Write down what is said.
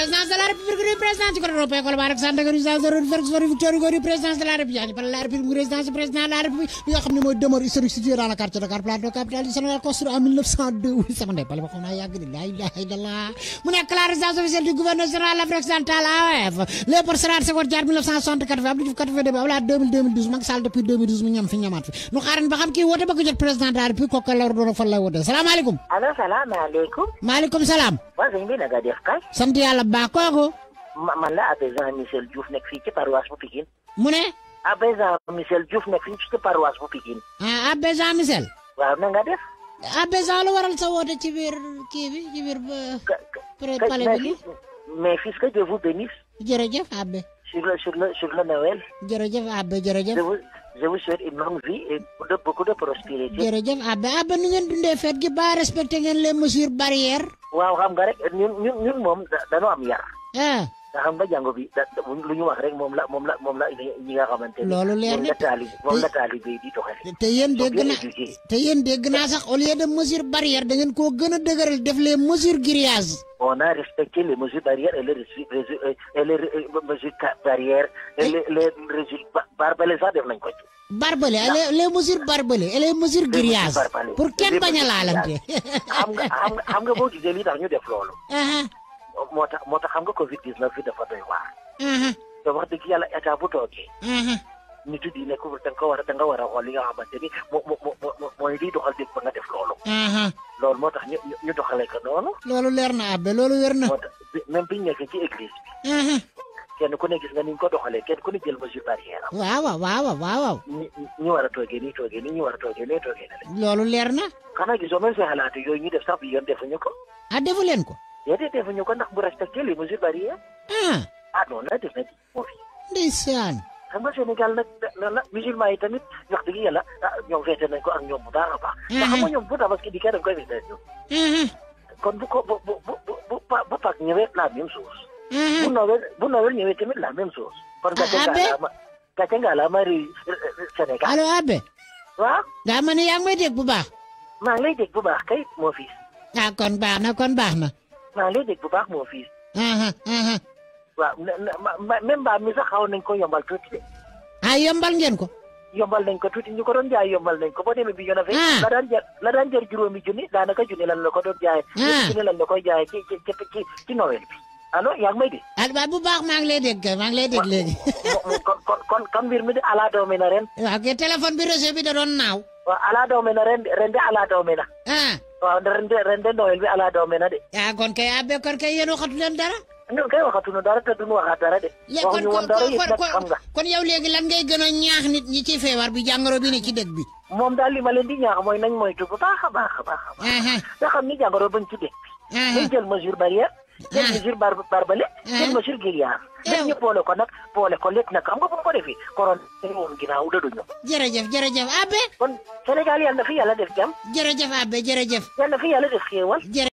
présidence de la république du président ci ko doon roppee Colobane ak Sandaga du Sandaga du Ferguson du Victor Hugo du présidence de la république ñu parle la république mu résidence du président de la république bi nga xam ne mooy demeure historique située dans le quartier Dakar Plateau capitale du Sénégal construit en 1902 oui sama ndey pale ba xam naa yàgg ni laa ilaha illallah mu nekk la résidence officielle du gouverneur général Afrique centrale AOF Léopold Sédar Senghor Diatta 1964 Abdou Diouf 82 Abdoulaye 2012 Macky Sall depuis 2012 mu ñam fi ñamaat fi nu xaaran ba xam kii woote bëgg jot président de la république kooku la doon fan lay wootee salaamaaleykum allo salaamaaleykum maaleykum salaam waaw sëñ bi na nga def kay. sant yàlla bu baax kooku. ma man la Abéjan Michel Diouf nekk fii ci paroisse bu Pikine. mu ne. Abéjan Michel Diouf nekk fii ci paroisse bu Pikine. ah Abéjan Michel. waaw na nga def. Abéjan lu waral sa woote ci biir kii bi ci biir. Euh, palais bi mais fils que Dieu vous bénisse. jërëjëf Abbé. sur le sur le sur jërëjëf Abbé jërëjëf. je vous nu ngeen dundee fête gi ba respecté ngeen les mesures barrières. waaw xam nga rek ñun ñun ñun moom dañoo am yara ah. nga ba jàngo bi lu ñu wax rek moom la moom la moom la xamante ne. loolu leer na moom la taalibe di doxee. te yéen dégg naa te yéen dégg naa sax au lieu de mesure barrière da ngeen koo gën a dëgëral def les mesures grillages. on a respecté les mesures barrières et les euh, euh, mesures barrières et les mesures barbelés sax def nañ ko ci. barbelé les mesures barbelées et les mesures grillages. pour kenn bañ a laalante. xam nga xam nga boo gisee lii ñu def loolu. Uh-huh. moo tax moo tax xam nga Covid 19 bi dafa doy waar. Mm-hmm. te wax dëgg yàlla état bu toogee. Mm-hmm. nit yi di ne ko da nga ko war a da nga war a xool li nga xamante ni moo moo moo mooy liy doxal dégg ba nga def loolu. Mm-hmm. loolu moo tax ñu ñu doxalee ko noonu. loolu leer na abbe loolu wér na. moo tax même biñ nekkee ci église bi. kenn ku ne gis nga ni ñu ko doxalee kenn ku ne jël mesure barrière am. waaw waaw waaw. ñi ñi war a toogee nii toogee nii ñi war a toogee nee toogee na. loolu leer na. xanaa gisoo même seen xalaat yooyu ñu def sax bi yoon defuñu ko. ah defu leen ko. dia punya te venye kwenda kuburashitakia limuzi baria. Ah. adonan na nanti. oh, Di sana. Kamba Senegal nak nak musir misil mai tani nak tinggi ya nyom Yang saya cakap ang nyom muda apa. Na kamo nyom buda mas kidi kau ko vete nyo. buku Kon bu bu bu bu bu bu pak nyewe lah mim sus. Bu novel bu novel nyewe te lah mim sus. Kon ka tenga alama ka tenga alama ri Senegal. Alo abe. Wa? mana yang bu buba. Mang bu buba kai mofis. Na kon ba nah kon ba na. naa lay bu baax moo fii waaw même mbaam mi sax xaw nañ ko yombal tuuti de. ah ngeen ko. yombal nañ ko tuuti ñu ko doon jaay yombal nañ ko boo demee bi ñu na fay. la daan jar la daan jar juróomi junni daanaka junni lan la ko doon jaayee. Ah. junni lan la koy jaayee ci ci ci ci Noël bi. allo yaa ngi may dégg. ah bu baax maa ngi lay dégg maa ngi lay dégg léegi. kon kon kon mbir mi de ala doomi na ren. waaw téléphone bi réseau bi da doon naaw. waaw ala doomi na ren de ren de ala doomi na. Ah. waaw ren de ren bi ala daw de. ah kon kay abe kon kay yéen waxatu leen dara. ñun kay waxatuñu dara te duñu waxaat dara de. waxuñu woon dara it kon yow léegi lan ngay gën a ñaax nit ñi ci feebar bi jàngoro bi ne ci dëkk bi. moom daal li ma leen di ñaax mooy nañ moytu bu baax a baax a baax. Ah, ah. nga xam ni jàngoro bañ ci dëkk bi. nañ ah, jël mesure benn bi jur bar barbale benn ma jur giriyaar lépp boole ko nag boole ko lépp nag xam nga bu mu ko defee koron dañu woon ginnaaw da duñu jërëjëf jërëjëf Abbé kon Sénégal yàlla na fi yàlla def jàmm jërëjëf Abbé jërëjëf yàlla na fi yàlla def xéewal